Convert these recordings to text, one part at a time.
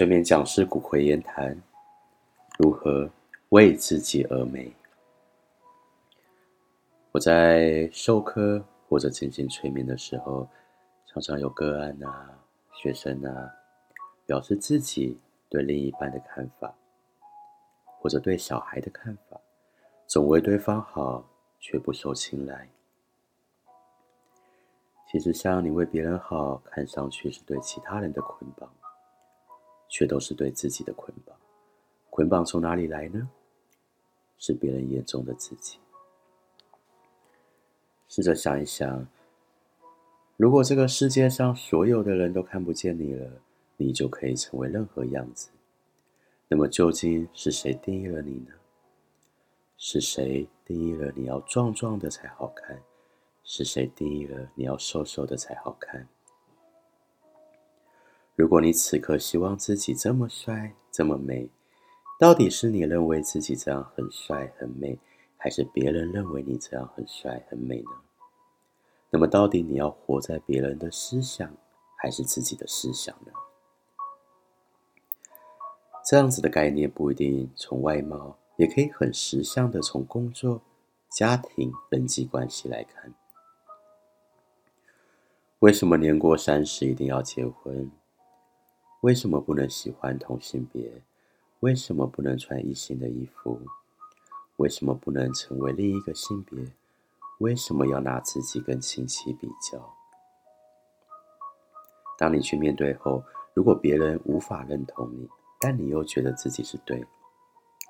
催眠講師古馗言談，如何為自己而美？我在授課或者進行催眠的時候，常常有個案啊、學生啊，表示自己對另一半的看法，或者對小孩的看法，總為對方好，卻不受青睞。其實，像你為別人好，看上去是對其他人的捆綁。卻都是對自己的捆綁，捆綁從哪裡來呢？是別人眼中的自己。試着想一想，如果這個世界上所有的人都看不見你了，你就可以成為任何樣子。那麼究竟是誰定義了你呢？是誰定義了你要壯壯的才好看？是誰定義了你要瘦瘦的才好看？如果你此刻希望自己這麼帥這麼美，到底是你認為自己這樣很帥很美，還是別人認為你這樣很帥很美呢？那麼，到底你要活在別人的思想，還是自己的思想呢？這樣子的概念不一定從外貌，也可以很時尚的從工作、家庭、人際關係來看。為什麼年過三十一定要結婚？為什麼不能喜歡同性別？為什麼不能穿異性的衣服？為什麼不能成為另一個性別？為什麼要拿自己跟親戚比較？當你去面對後，如果別人無法認同你，但你又覺得自己是對的，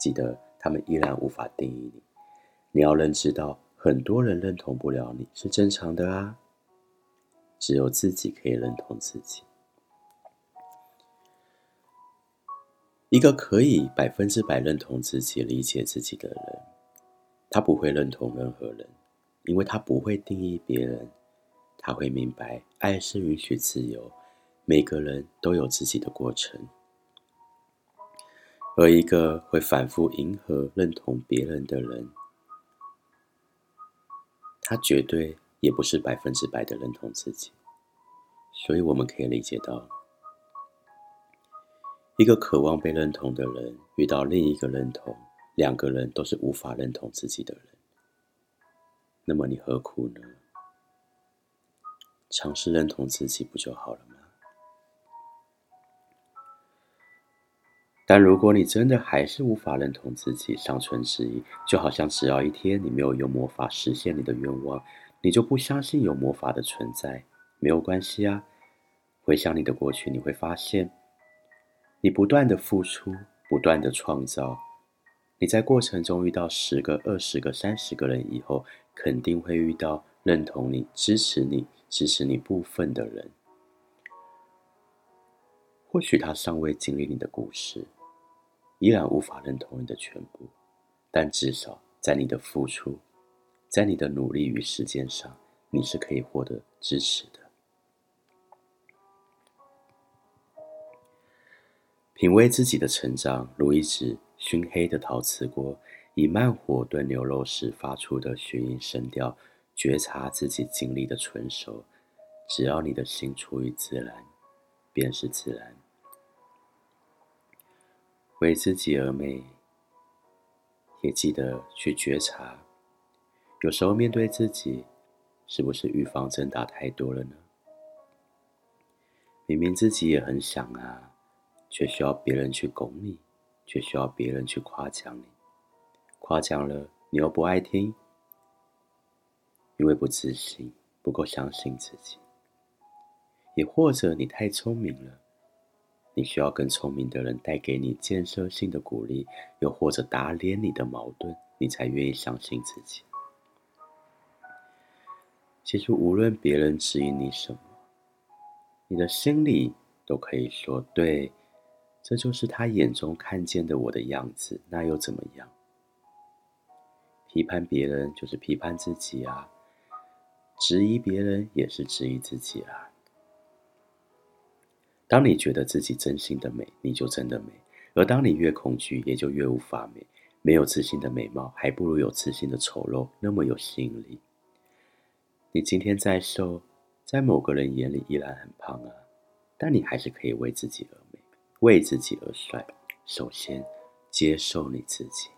記得他們依然無法定義你。你要認知到，很多人認同不了你是正常的啊。只有自己可以認同自己。一個可以百分之百認同自己、理解自己的人，他不會認同任何人，因為他不會定義別人。他會明白，愛是允許自由，每個人都有自己的過程。而一個會反復迎合、認同別人的人，他絕對也不是百分之百的認同自己。所以，我們可以理解到。一個渴望被認同的人遇到另一個認同，兩個人都是無法認同自己的人，那麼你何苦呢？嘗試認同自己不就好了嗎？但如果你真的還是無法認同自己，尚存質疑，就好像只要一天你沒有用魔法實現你的願望，你就不相信有魔法的存在。沒有關係啊，回想你的過去，你會發現。你不斷的付出，不斷的創造，你在過程中遇到十個、二十個、三十個人以後，肯定會遇到認同你、支持你、支持你部分的人。或許他尚未經歷你的故事，依然無法認同你的全部，但至少在你的付出、在你的努力與時間上，你是可以獲得支持的。品味自己的成長，如一隻燻黑的陶瓷鍋，以慢火燉牛肉時發出的燻音聲調，覺察自己經歷的純熟。只要你的心處於自然，便是自然，為自己而美。也記得去覺察，有時候面對自己，是不是預防針打太多了呢？明明自己也很想啊。卻需要別人去拱你，卻需要別人去誇獎你。誇獎了你又不愛聽，因為不自信，不夠相信自己。也或者你太聰明了，你需要更聰明的人帶給你建設性的鼓勵，又或者打臉你的矛盾，你才願意相信自己。其實無論別人指引你什麼，你的心裡都可以說對。這就是他眼中看見的我的樣子，那又怎麼樣？批判別人就是批判自己啊，質疑別人也是質疑自己啊。當你覺得自己真心的美，你就真的美；而當你越恐懼，也就越無法美。沒有自信的美貌，還不如有自信的醜陋那麼有吸引力。你今天再瘦，在某個人眼裡依然很胖啊，但你還是可以為自己而活。為自己而帥，首先接受你自己。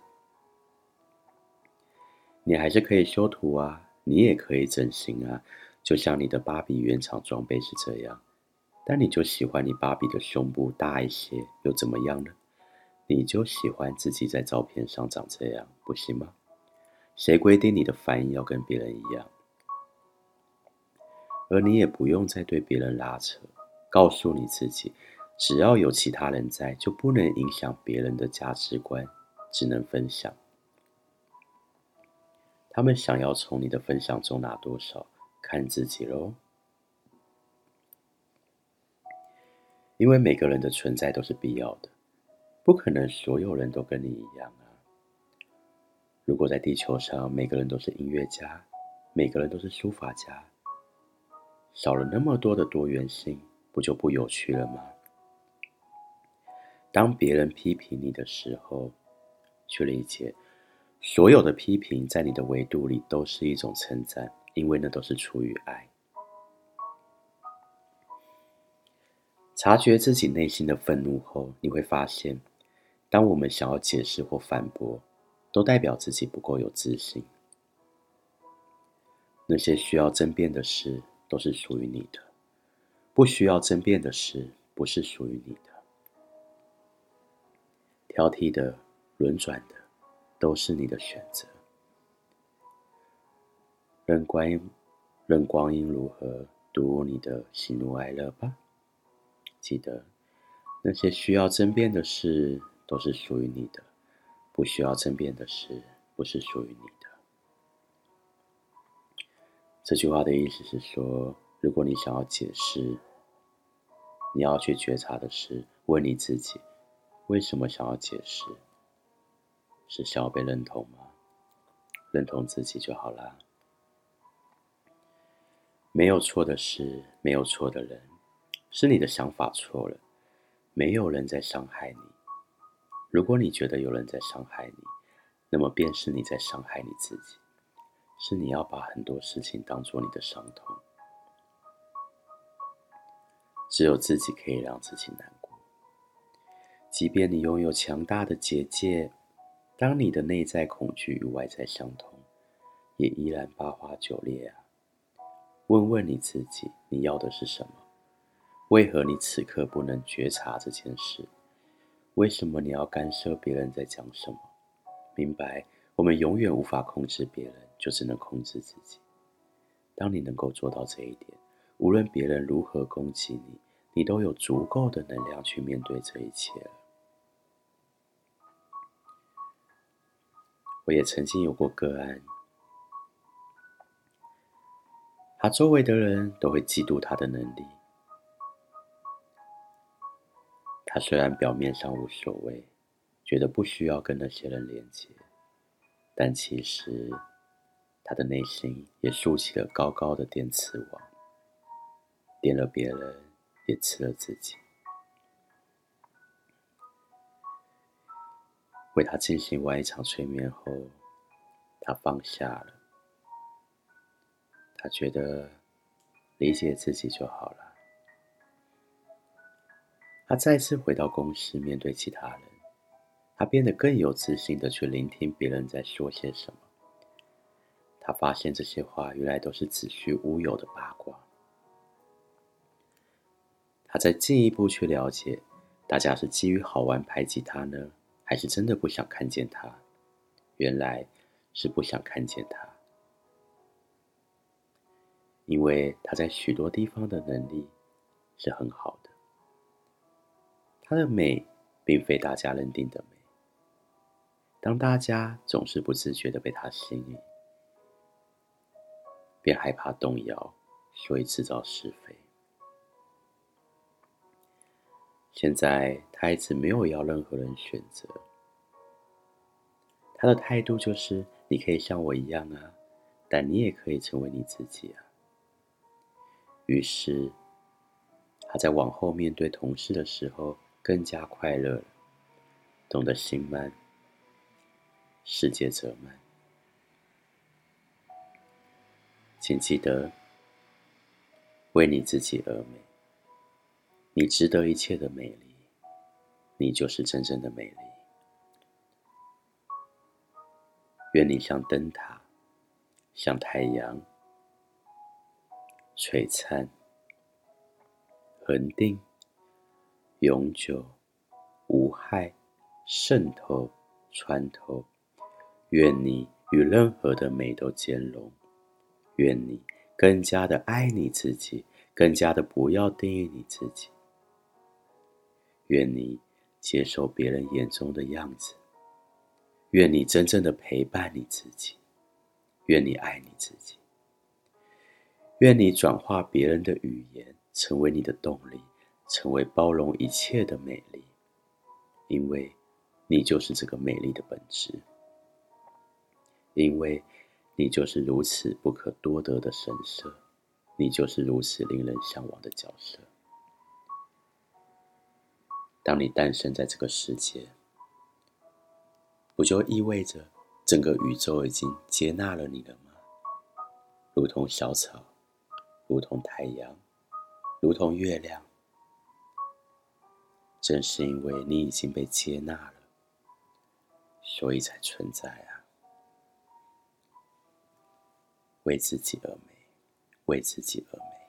你還是可以修圖啊，你也可以整形啊，就像你的芭比原廠裝備是這樣。但你就喜歡你芭比的胸部大一些，又怎麼樣呢？你就喜歡自己在照片上長這樣，不行嗎？誰規定你的反應要跟別人一樣？而你也不用再對別人拉扯，告訴你自己。只要有其他人在，就不能影響別人的價值觀，只能分享。他們想要從你的分享中拿多少，看自己嘍。因為每個人的存在都是必要的，不可能所有人都跟你一樣啊。如果在地球上，每個人都是音樂家，每個人都是書法家，少了那麼多的多元性，不就不有趣了嗎？當別人批評你的時候，去理解，所有的批評在你的維度裡都是一種稱讚，因為那都是出於愛。察覺自己內心的憤怒後，你會發現，當我們想要解釋或反駁，都代表自己不夠有自信。那些需要爭辯的事都是屬於你的，不需要爭辯的事不是屬於你的。挑剔的、輪轉的，都是你的選擇。任光陰、任光陰如何讀你的喜怒哀樂吧。記得，那些需要爭辯的事，都是屬於你的；不需要爭辯的事，不是屬於你的。這句話的意思是說，如果你想要解釋，你要去覺察的是，問你自己。為什麼想要解釋？是想要被認同嗎？認同自己就好啦。沒有錯的事，沒有錯的人，是你的想法錯了。沒有人在傷害你。如果你覺得有人在傷害你，那麼便是你在傷害你自己。是你要把很多事情當做你的傷痛。只有自己可以讓自己難過。即便你擁有強大的結界，當你的內在恐懼與外在相同，也依然八花九裂啊！問問你自己，你要的是什麼？為何你此刻不能覺察這件事？為什麼你要干涉別人在講什麼？明白，我們永遠無法控制別人，就只能控制自己。當你能夠做到這一點，無論別人如何攻擊你，你都有足夠的能量去面對這一切了。我也曾經有過個案，他周圍的人都會嫉妒他的能力。他雖然表面上無所謂，覺得不需要跟那些人連接，但其實他的內心也豎起了高高的電磁網，電了別人，也吃了自己。為他進行完一場催眠後，他放下了。他覺得理解自己就好了。他再次回到公司，面對其他人，他變得更有自信的去聆聽別人在說些什麼。他發現這些話原來都是子虛烏有的八卦。他再進一步去了解，大家是基於好玩排擠他呢？還是真的不想看見他，原來是不想看見他，因為他在許多地方的能力是很好的，他的美並非大家認定的美。當大家總是不自覺地被他吸引，便害怕動搖，所以制造是非。現在他一直沒有要任何人選擇，他的態度就是：你可以像我一樣啊，但你也可以成為你自己啊。於是他在往後面對同事的時候，更加快樂了，懂得心慢，世界則慢。請記得為你自己而美。你值得一切的美麗，你就是真正的美麗。願你像燈塔，像太陽，璀璨、恆定、永久、無害、滲透、穿透。願你與任何的美都兼容。願你更加的愛你自己，更加的不要定義你自己。願你接受別人眼中的樣子，願你真正的陪伴你自己，願你愛你自己，願你轉化別人的語言，成為你的動力，成為包容一切的美麗，因為，你就是這個美麗的本質，因為，你就是如此不可多得的神色，你就是如此令人向往的角色。當你誕生在這個世界，不就意味着整個宇宙已經接納了你了嗎？如同小草，如同太陽，如同月亮，正是因為你已經被接納了，所以才存在啊。為自己而美，為自己而美。